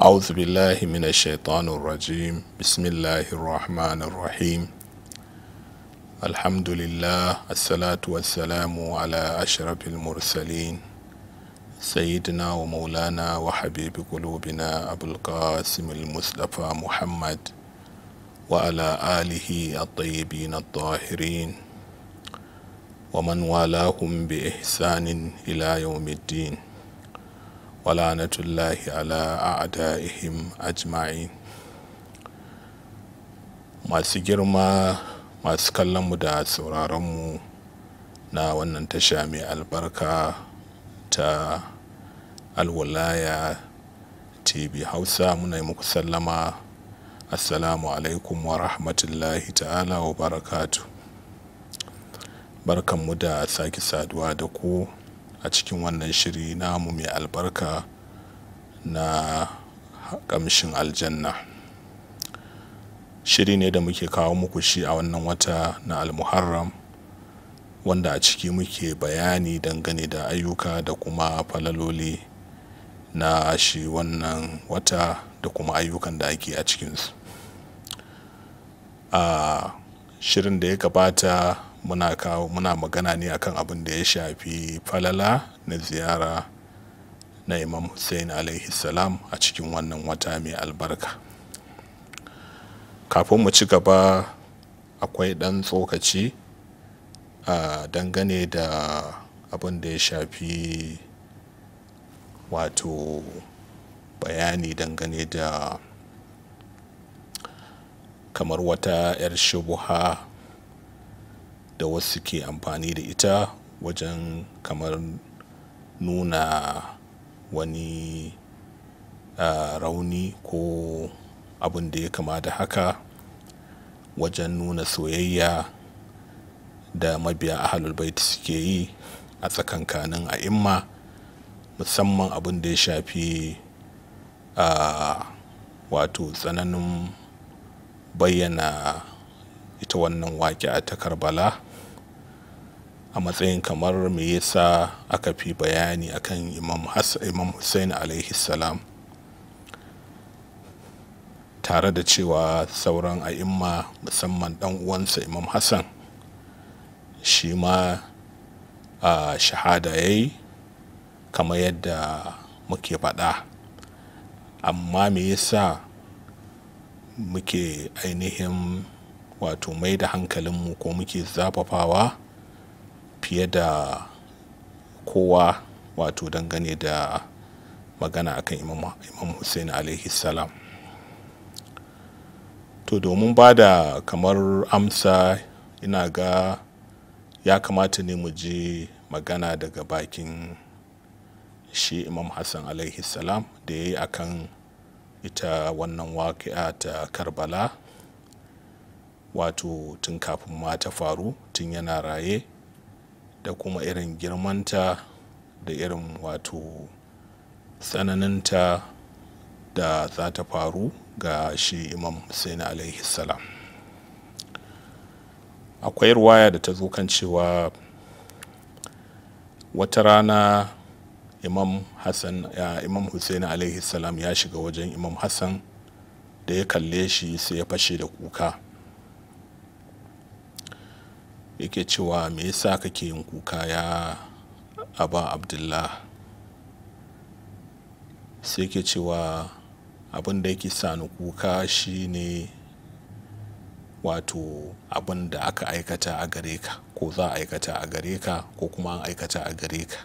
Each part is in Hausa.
أعوذ بالله من الشيطان الرجيم بسم الله الرحمن الرحيم الحمد لله الصلاة والسلام على أشرف المرسلين سيدنا ومولانا وحبيب قلوبنا أبو القاسم المصطفى محمد وعلى آله الطيبين الطاهرين ومن والاهم بإحسان إلى يوم الدين walanatullahi ala a'da'ihim ajma'in masu girma masu kallonmu da sauraronmu na wannan tasha mai albarka ta alwalaya tv hausa muna yi muku sallama assalamu alaikum wa rahmatullahi ta'ala wa barakatu barkanmu da sake saduwa da ku a cikin wannan shiri namu mai albarka na kamshin aljanna shiri ne da muke kawo muku shi a wannan wata na almuharram wanda a ciki muke bayani dangane da ayyuka da kuma falaloli na shi wannan wata da kuma ayyukan da ake a cikinsu a ah, shirin da ya gabata muna kawo muna magana ne akan abin da ya shafi falala na ziyara na Imam Hussein alaihi salam a cikin wannan wata mai albarka kafin mu ci gaba akwai ɗan tsokaci a dangane da abin da ya shafi wato bayani dangane da kamar wata 'yar shubuha da wasu ke amfani da ita wajen kamar nuna wani rauni ko abin da ya kama da haka wajen nuna soyayya da mabiya a bait suke yi a tsakankanin imma musamman abin da ya shafi a wato tsananin bayyana ita wannan wake a takarbala. a matsayin kamar me yasa aka fi bayani akan imam imam hussein alaihi salam tare da cewa sauran a'imma musamman dan uwansa imam hassan shi ma a shahada ya yi kamar yadda muke faɗa amma me yasa muke ainihin wato mai da hankalinmu ko muke zafafawa fiye da kowa wato dangane da magana akan imam, imam hussein alaihi salam to domin ba da kamar amsa ina ga ya kamata ne mu je magana daga bakin shi imam hassan alaihi salam da ya yi akan ita wannan waƙi'a ta karbala wato tun kafin ma ta faru tun yana raye da kuma irin girmanta da irin wato tsananinta da za ta faru ga shi imam Hussein alaihi salam akwai ruwaya da ta zo kan cewa wata rana imam hassan ya imam hussein alaihi salam ya shiga wajen imam hassan da ya kalle shi sai ya fashe da kuka yake cewa me yasa kake yin kuka ya aba abdullah sai yake cewa abin da yake sani kuka shine wato abin da aka aikata a gare ka ko za a aikata a gare ka ko kuma an aikata a gare ka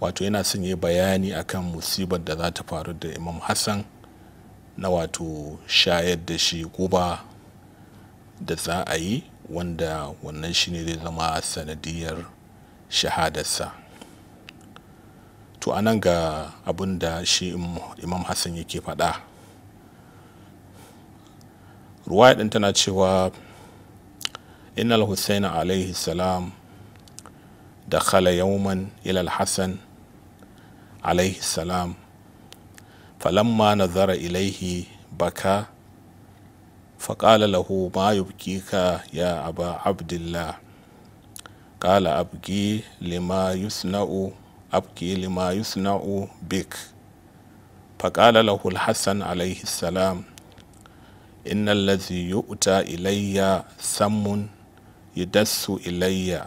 wato yana son yi bayani akan musibar da za ta faru da imam hassan na wato shayar da shi guba da za a yi wanda wannan shi ne zai zama sanadiyar shahadarsa to anan ga abin da shi imam hassan yake faɗa ruwaya ɗin tana cewa innal husaina alaihi salam da khala yawman ilal hassan alaihi salam falamma nazara ilaihi baka faƙala lahu ma yubkika ya aba abdullah ƙala abki lima yusna'u abki lima yusna'u bik faƙala lahu alhassan alaihi salam ilayya sammun yadassu ilayya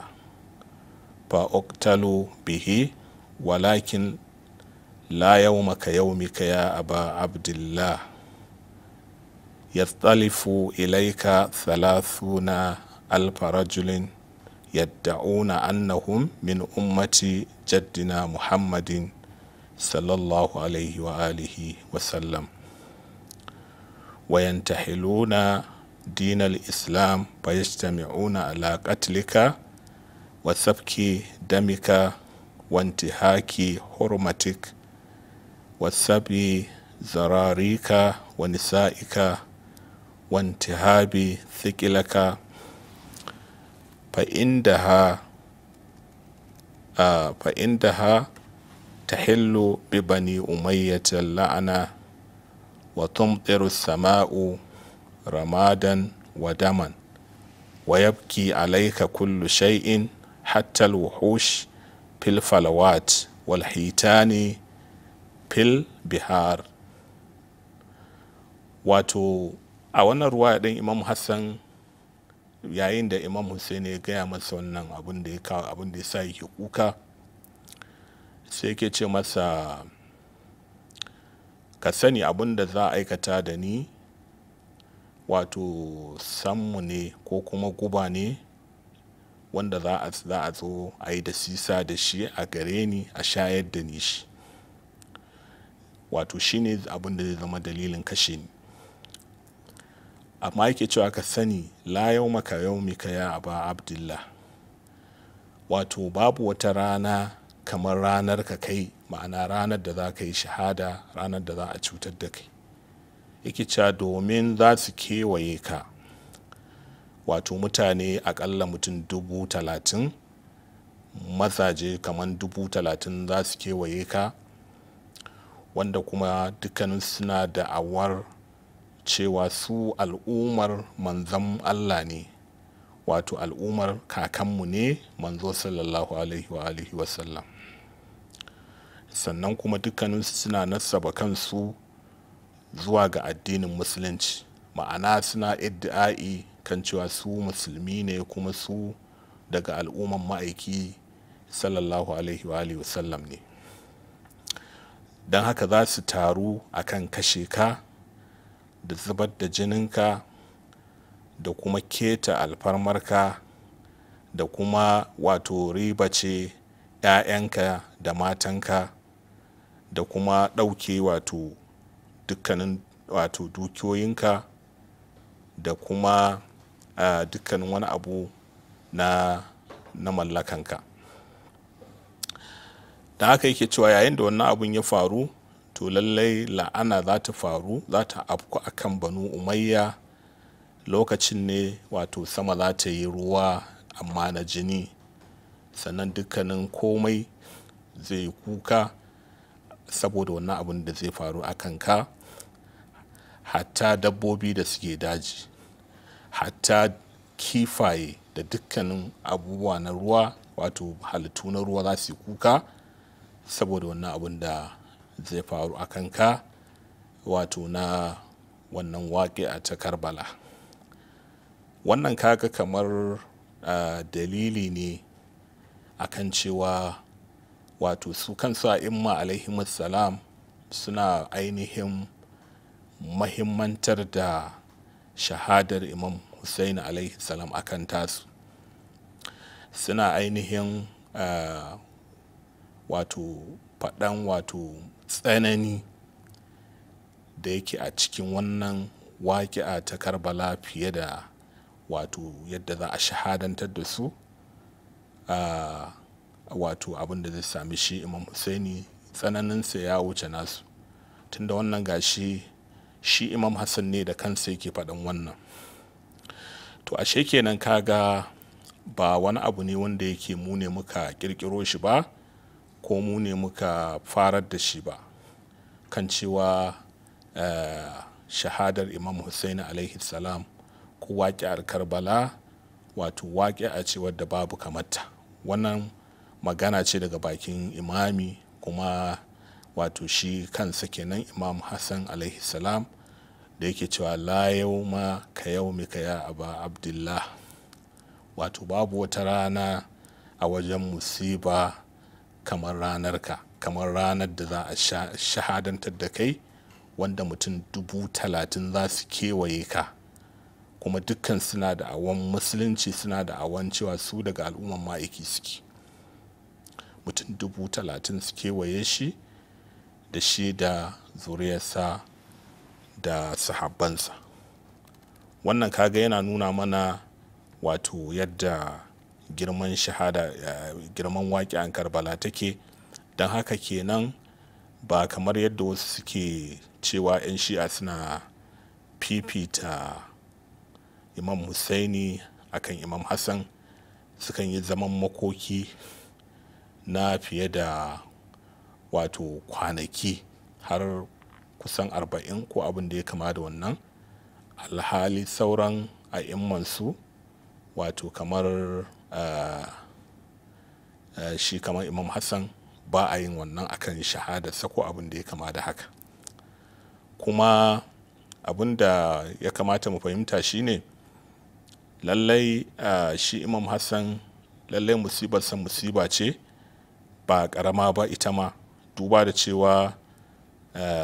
fa uqtalu bihi walakin la yau mika ya aba abdullah yattalifu ilaika thalathuna alfarajulin rajulin yadda'una annahum min ummati jaddina muhammadin sallallahu alaihi wa alihi wa islam fa yajtami'una ala qatlika wa sabki damika wa intihaki hurmatik wa zararika wa nisa'ika وانتهاب ثقلك فإندها آه فإندها تحل ببني أمية اللعنة وتمطر السماء رمادا ودما ويبكي عليك كل شيء حتى الوحوش في الفلوات والحيتان في البحار واتو a wannan ruwaya din imam hassan yayin da imam hussein ya gaya masa wannan abin da ya kawo abin da ya sa kuka sai yake ce masa ka sani abin da za a aikata da ni wato sammu ne ko kuma guba ne wanda za a zo a yi da sisa da shi a gare ni a shayar da ni shi wato shi ne abin da zai zama dalilin kashe ni amma yake cewa ka sani la yau maka yau mika ya aba abdullah wato babu wata rana kamar ranar ka kai ma'ana ranar da za ka yi shahada ranar da za a cutar da kai yake cewa domin za su kewaye ka wato mutane akalla mutum dubu talatin mazaje kamar dubu talatin za su kewaye ka wanda kuma dukkanin suna da awar cewa su al'ummar manzan Allah ne wato al'ummar kakanmu ne manzo sallallahu alaihi wa alihi sallam sannan kuma dukkaninsu suna nasaba kansu zuwa ga addinin musulunci ma'ana suna iddi'ai kan cewa su musulmi ne kuma su daga al'umman ma'aiki sallallahu alaihi wa alihi ne don haka za su taru akan kashe ka da zubar da jininka da kuma keta alfarmarka da kuma wato riba ce 'ya'yanka da matanka da kuma ɗauke wato dukkanin wato dukiyoyinka da kuma uh, dukkanin wani abu na, na mallakanka da haka yake cewa yayin da wannan abun ya faru to lallai la'ana za ta faru za ta afku a kan banu umayya lokacin ne wato sama za ta yi ruwa amma na jini sannan dukkanin komai zai kuka saboda wannan abin da zai faru a ka hatta dabbobi da suke daji hatta kifaye da dukkanin abubuwa na ruwa wato halittu na ruwa za su kuka saboda wannan abin da zai faru a kanka wato na wannan waƙe a ta karbala wannan kaga kamar dalili ne akan cewa wato su kan sa imma alaihimussalam suna ainihin mahimmantar da shahadar imam hussein alaihi a akan tasu suna ainihin wato faɗan wato tsanani da yake a cikin wannan waƙi'a ta karbala fiye da wato yadda za a shahadantar da su wato abin da zai sami shi imam husaini tsananinsa ya wuce nasu tunda wannan gashi shi imam hassan ne da kansa yake faɗin wannan to ashe kenan kaga ba wani abu ne wanda yake mu ne muka kirkiro shi ba ko mu ne muka farar da shi ba kan cewa eh, shahadar imam hussein alaihi salam ko waƙi'ar karbala wato a ce wadda babu kamata wannan magana ce daga bakin imami kuma wato shi kansa kenan imam hassan alaihi salam da yake cewa la yau ma ka yau mika ya aba abdullah wato babu wata rana a wajen musiba kamar ranarka kamar ranar da za a shahadantar da kai wanda mutum dubu talatin za su kewaye ka kuma dukkan suna da awon musulunci suna da awon cewa su daga al'umman ma'aiki suke mutum dubu talatin su kewaye shi da shi da zuriyarsa da sahabbansa wannan kaga yana nuna mana wato yadda girman shahada girman waƙi an karbala take don haka kenan ba kamar yadda wasu suke cewa 'yan shi'a suna fifita imam husaini akan imam hassan sukan yi zaman makoki na fiye da wato kwanaki har kusan arba'in ko abin da ya kama da wannan alhali sauran a su wato kamar Eh, eh, shi kamar imam hassan ba a yin wannan akan shahada sako abin da ya kama da haka kuma abin da ya kamata mu fahimta shine lallai eh, shi imam hassan lallai musibar musibarsa musiba ce ba karama ba ita ma duba da cewa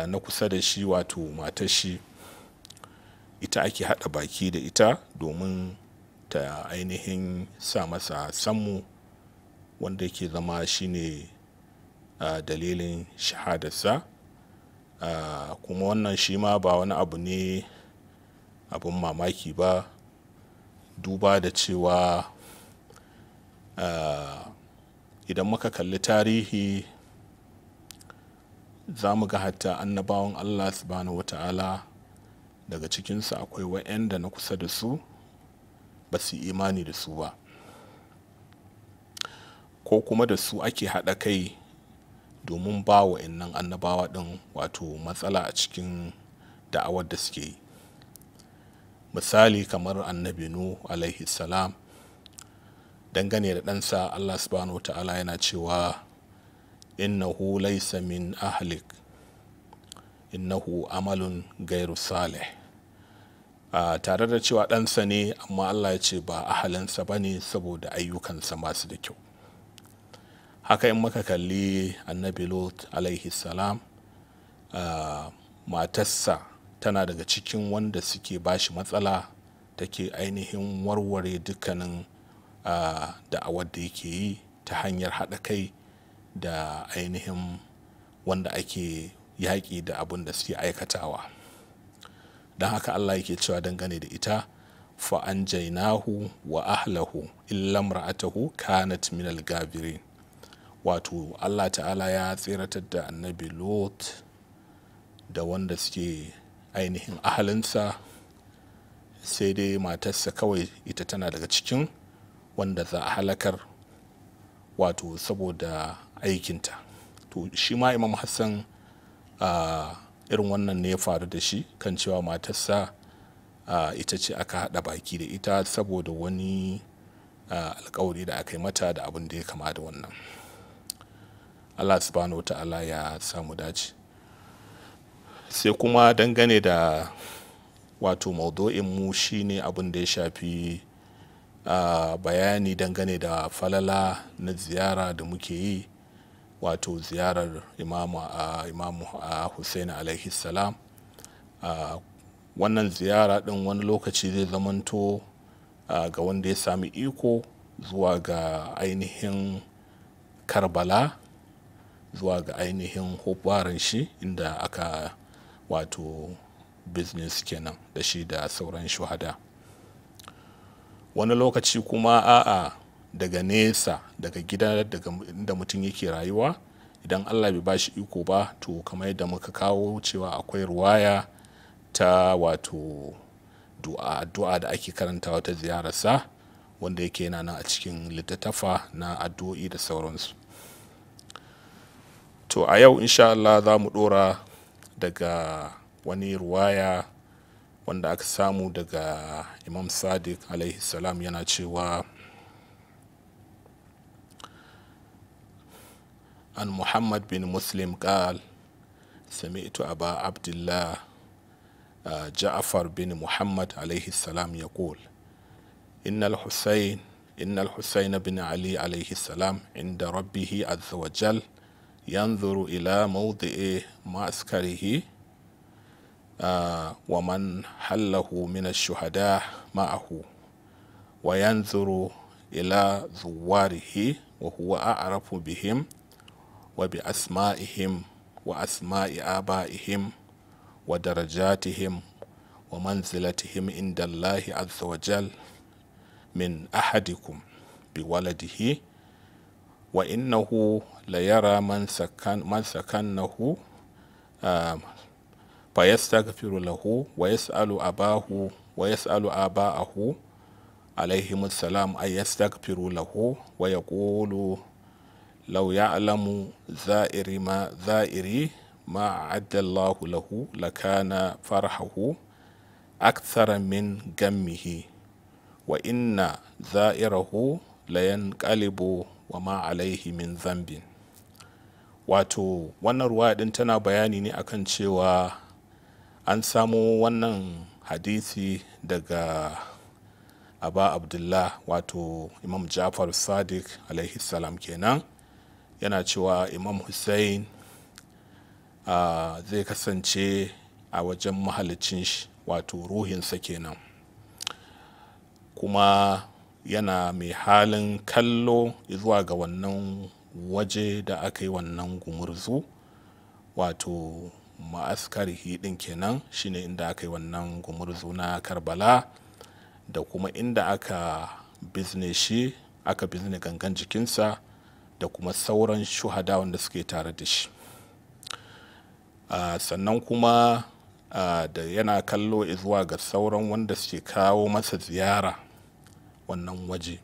na kusa da shi wato matar shi ita ake hada baki da ita domin ta ainihin sa masa sammu wanda ke zama shine uh, dalilin shahadarsa uh, kuma wannan shi ma ba wani abu ne abin mamaki ba duba da cewa uh, idan muka kalli tarihi za mu ga hatta annabawan allah subhanahu wa ta'ala daga cikinsu akwai wa'yan da na kusa da su ba su imani da su ba ko kuma da su ake haɗa kai domin ba wa innan annabawa ɗin wato matsala a cikin da'awar da suke yi misali kamar annabi nu alaihi salam dangane da ɗansa allah subhanahu wa ta'ala yana cewa innahu laysa min ahlik innahu amalun gairu saleh. Ah, tare da cewa ɗansa ne amma allah ya ce ba ahalinsa ba ne saboda ayyukansa masu da kyau haka in maka kalli annabi lot alaihi salam ah, matarsa tana daga cikin wanda suke bashi matsala take ainihin warware dukkanin ah, da'awar da yake yi ta hanyar haɗa kai da ainihin wanda ake yaƙi da abin da suke aikatawa don haka allah yake cewa dangane da ita fa an jainahu wa ahlahu illa ra'atahu kanat min gabirin wato allah ta'ala ya tsiratar da annabi lot da wanda suke ainihin ahalinsa sai dai matarsa kawai ita tana daga cikin wanda za a halakar wato saboda aikinta to shi ma imam hassan uh, irin wannan ne ya faru da shi kan cewa matarsa ita ce aka haɗa baki da ita saboda wani alkawari da aka yi mata da abin da ya kama da wannan allah subhanahu wa ta'ala ya samu dace sai kuma dangane da wato mu shine abin da ya shafi bayani dangane da falala na ziyara da muke yi wato ziyarar imamu a imamu a Hussein alaihi salam wannan ziyara din wani lokaci zai zamanto ga wanda ya sami iko zuwa ga ainihin karbala zuwa ga ainihin hubbaran shi inda aka wato business kenan da shi da sauran shuhada wani lokaci kuma a'a daga nesa daga gida daga inda mutum yake rayuwa idan allah bai bashi iko ba to kamar yadda muka kawo cewa akwai ruwaya ta wato addu'a da ake karantawa ta ziyararsa wanda yake yana nan a cikin littattafa na addu'o'i da sauransu to a yau insha Allah za mu dora daga wani ruwaya wanda aka samu daga imam sadiq alaihi salam yana cewa عن محمد بن مسلم قال سمعت أبا عبد الله جعفر بن محمد عليه السلام يقول إن الحسين إن الحسين بن علي عليه السلام عند ربه عز وجل ينظر إلى موضع معسكره ومن حله من الشهداء معه وينظر إلى زواره وهو أعرف بهم wa bi asma'ihim wa asma'i aba'ihim wa darajatihim wa manzilatihim inda Allahi azza wa jal min ahadikum bi waladihi wa innahu la yara man sakannahu um, fa yastaghfiru lahu wa yas'alu abahu wa yas'alu aba'ahu alaihim salam ay yastaghfiru lahu waya yaqulu Lauya alamu za'iri ma za'iri ma addallahu lahu lakana farhahu akthara min gammihi wa inna za'irahu layan kalibo wa ma alaihi min zambin wato wannan ruwa din tana bayani ne akan cewa an samo wannan hadisi daga aba abdullah wato imam jafar sadiq alaihi salam kenan yana cewa imam hussain zai kasance a wajen mahalicin shi wato ruhinsa kenan kuma yana mai halin kallo zuwa ga wannan waje da aka yi wannan gumurzu wato ma'askar hidin kenan shine inda aka yi wannan gumurzu na karbala da kuma inda aka bizne shi aka bizne gangan jikinsa da kuma sauran shuhada wanda suke tare da shi ah, sannan kuma ah, da yana kallo zuwa ga sauran wanda suke kawo masa ziyara wannan waje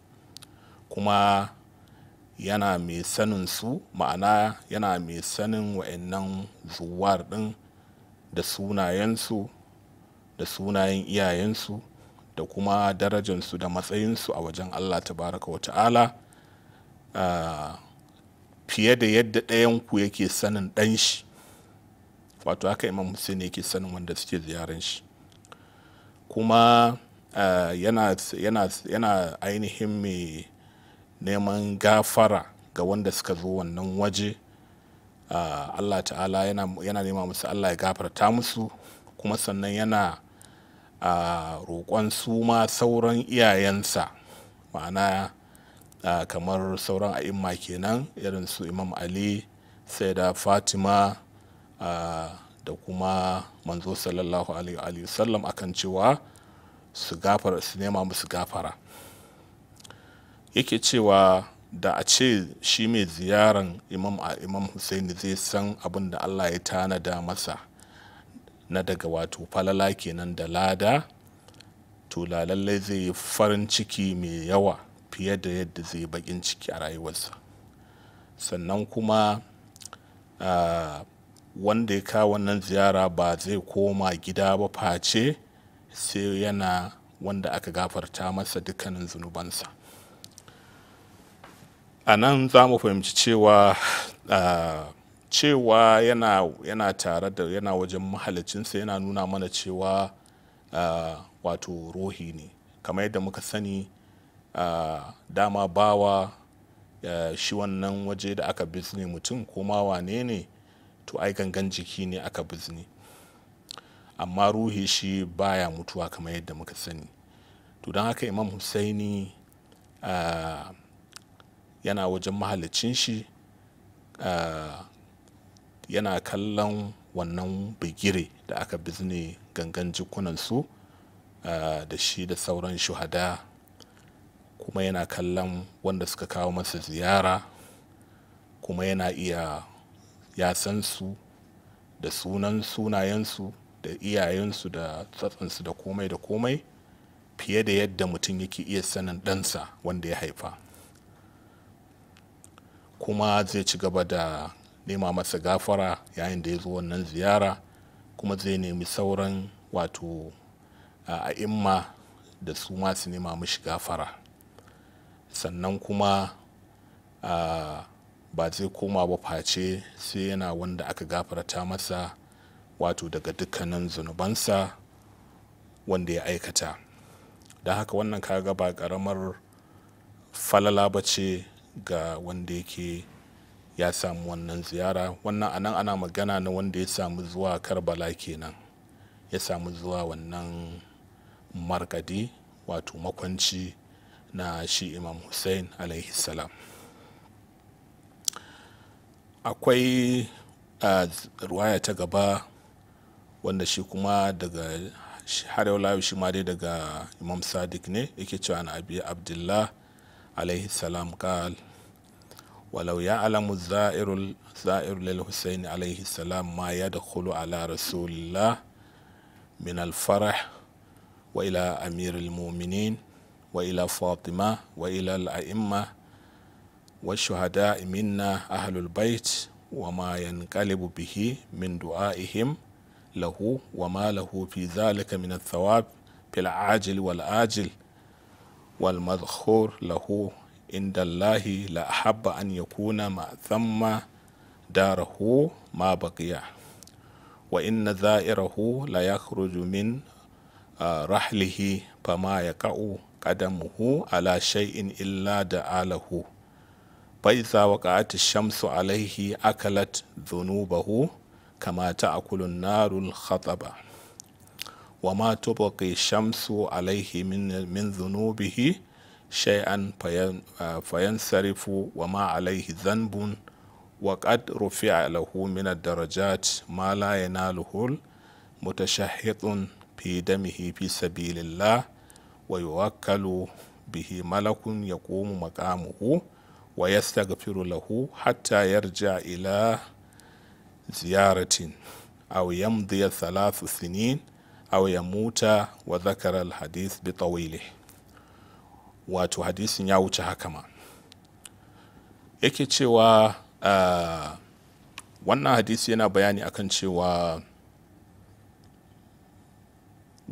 kuma yana mai sanin su ma'ana yana mai sanin wa'annan zuwar ɗin da sunayensu da sunayen iyayensu da kuma darajansu da matsayinsu a wajen allah tabaraka wa ta'ala ah, fiye da yadda ɗayan ku yake sanin ɗan shi wato haka imam hussein yake sanin wanda suke ziyaran shi kuma eh, yana, ainihin mai neman gafara ga wanda suka zo wannan waje eh, allah ta'ala yana, nema musu allah ya gafarta musu kuma sannan yana eh, roƙon su ma sauran iyayensa ma'ana kamar sauran a'imma kenan irin su imam ali sai da fatima da kuma manzo sallallahu alaihi wasallam akan cewa su gafara su nema musu gafara yake cewa da a ce shi mai ziyaran imam a imam husaini zai san abin da allah ya tanada masa na daga wato falala kenan da lada to lallai zai yi farin ciki mai yawa fiye da yadda zai baƙin ciki a rayuwarsa sannan kuma wanda ya kawo wannan ziyara ba zai koma gida ba face sai yana wanda aka gafarta masa dukkanin zunubansa a nan za mu fahimci cewa cewa yana, yana tare da yana wajen mahalicinsa yana nuna mana cewa wato rohi ne kamar yadda muka sani Ah, dama bawa eh, shi wannan waje da aka bizne mutum ko ma wane ne to ai gangan jiki ne aka bizne amma ruhi shi baya mutuwa kamar yadda muka sani to don haka imam husaini ah, yana wajen mahalicin shi ah, yana kallon wannan bigire da aka bizne gangan jikunansu da shi da sauran shuhada kuma yana kallon wanda suka kawo masa ziyara kuma yana iya su da sunan sunayensu da iyayensu da tsatsansu da komai da komai fiye da yadda mutum yake iya sanin ɗansa wanda ya haifa kuma zai ci gaba da nema masa gafara yayin da ya zo wannan ziyara kuma zai nemi sauran wato a imma da su masu nema mishi gafara sannan kuma a ba zai koma ba face sai yana wanda aka gafarta masa wato daga dukkanin zunubansa wanda ya aikata don haka wannan kaga ba karamar falala ba ce ga wanda yake ya samu wannan ziyara wannan anan ana magana na wanda ya samu zuwa karbala kenan ya samu zuwa wannan markadi wato makwanci na shi imam hussein alaihi salam akwai a ruwaya ta gaba wanda shi kuma daga har yau layu shi ma dai daga imam sadiq ne yake cewa na abi abdullah alaihi salam kal walau ya alamu zairu lil husain alaihi salam ma ya da ala rasulillah min alfarah wa ila amirul muminin wa ila fatima wa ila al'a'imma wa shuhada minna ahlul bait wa ma yanqalibu bihi min du'aihim lahu wa ma lahu fi dhalika min athawab fil ajil wal ajil wal madhkur lahu inda Allahi la habba an yakuna ma da darahu ma baqiya wa inna dha'irahu la yakhruju min ah, rahlihi ma ya yaqa'u qadamuhu ala shay'in illa da alahu fa idza waqa'at ash-shamsu alayhi akalat dhunubahu kamata a an-naru al-khataba wa ma tubqi ash-shamsu alaihi min min dhunubihi shay'an fayansarifu wa ma alayhi dhanbun wa qad rufi'a lahu min ad-darajat ma la yanaluhu mutashahhitun fi damihi fi sabilillah wa yuwakkalu bihi malakun ya komu makamuhu wa yastaghfiru lahu hatta yarja ila ziyaratin aw yamdi thalathu sinin wuyan yamuta wa zakarar alhadith bi tawili wato hadisin ya wuce haka ma yake cewa ah, wannan hadisi yana bayani akan cewa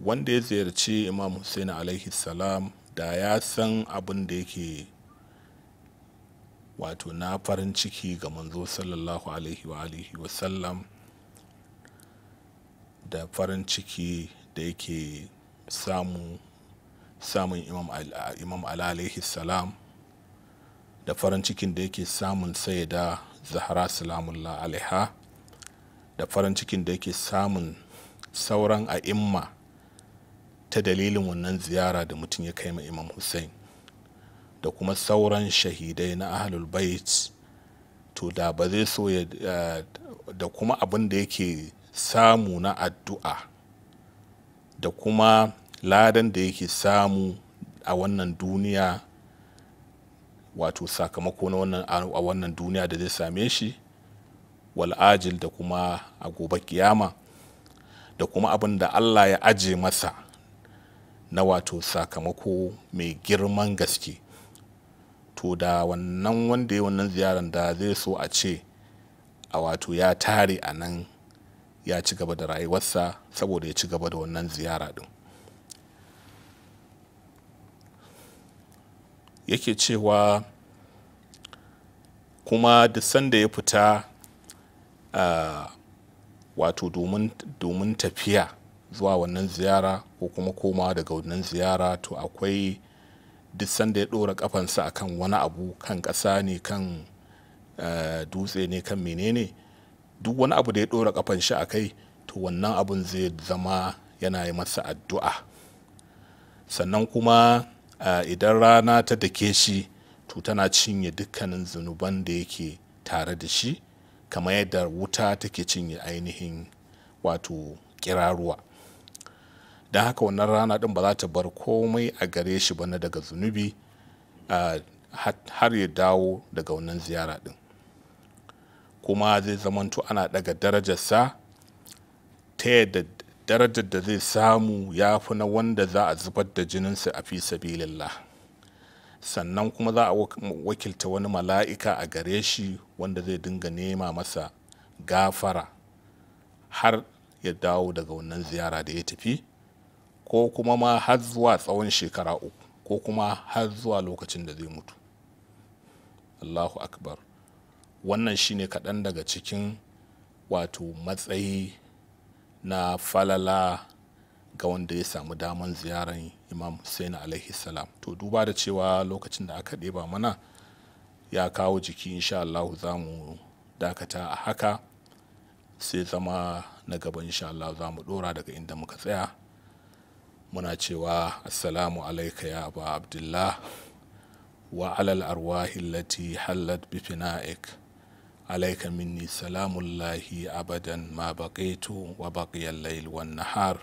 wanda ya ziyarci imam hussein alaihi salam da ya san abin da yake wato na farin ciki ga manzo sallallahu alaihi wa alihi wasallam da farin ciki da yake samu samun imam, al, imam alaihi salam da farin cikin da yake samun sayyida zahra salamullah alaiha da farin cikin da yake samun sauran a'imma ta dalilin wannan ziyara da mutum ya kai ma imam hussein da kuma sauran shahidai na ahlul bait to da ba zai so ya eh, da kuma abin da yake samu na addu'a da kuma ladan da yake samu a wannan duniya wato sakamako na a wannan duniya da zai same shi wal'ajil da kuma a gobe kiyama da kuma abin da allah ya aje masa na wato sakamako mai girman gaske to da wannan wanda ya wannan ziyarar da zai so a ce a wato ya tare a nan ya ci gaba da rayuwarsa saboda ya ci gaba da wannan ziyara din yake cewa kuma duk sanda ya fita ah, wato domin tafiya zuwa wannan ziyara ko kuma koma daga wannan ziyara to akwai duk sanda ya ɗora kafansa akan wani abu kan ƙasa ne kan eh, dutse ne kan menene duk wani abu da ya ɗora kafan shi a kai to wannan abun zai zama yana yi masa addu'a sannan kuma eh, idan rana ta dake shi to tana cinye dukkanin zunuban da yake tare da shi kamar yadda wuta take cinye ainihin wato kiraruwa da haka wannan rana din ba za ta bar komai a gare shi ba na daga zunubi har ya dawo daga wannan ziyara din kuma zai zamanto ana daga darajarsa ta yadda darajar da zai samu ya fi na wanda za a zubar da jininsa a fi sabilillah sannan kuma za a wakilta wani mala'ika a gare shi wanda zai dinga nema masa gafara har ya dawo daga wannan ziyara da ya tafi ko kuma ma har zuwa tsawon shekara uku ko kuma har zuwa lokacin da zai mutu allahu akbar wannan shine kaɗan daga cikin wato matsayi na falala ga wanda ya samu daman ziyarar imam hussein alaihi salam to duba da cewa lokacin da aka ɗeba mana ya kawo jiki insha Allah za mu dakata a haka sai zama na gaba insha Allah za mu ɗora daga inda muka tsaya muna cewa assalamu alaika ya abdullah wa alal arwahi lati hallat bi fina'ik alaika minni salamullahi abadan ma baqaitu wa baqiya al-layl wan nahar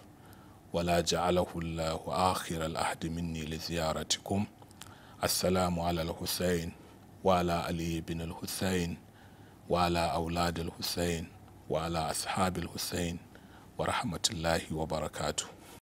ولا جعله الله آخر الأحد مني لزيارتكم السلام على الحسين وعلى علي بن الحسين وعلى أولاد الحسين وعلى أصحاب الحسين ورحمة الله وبركاته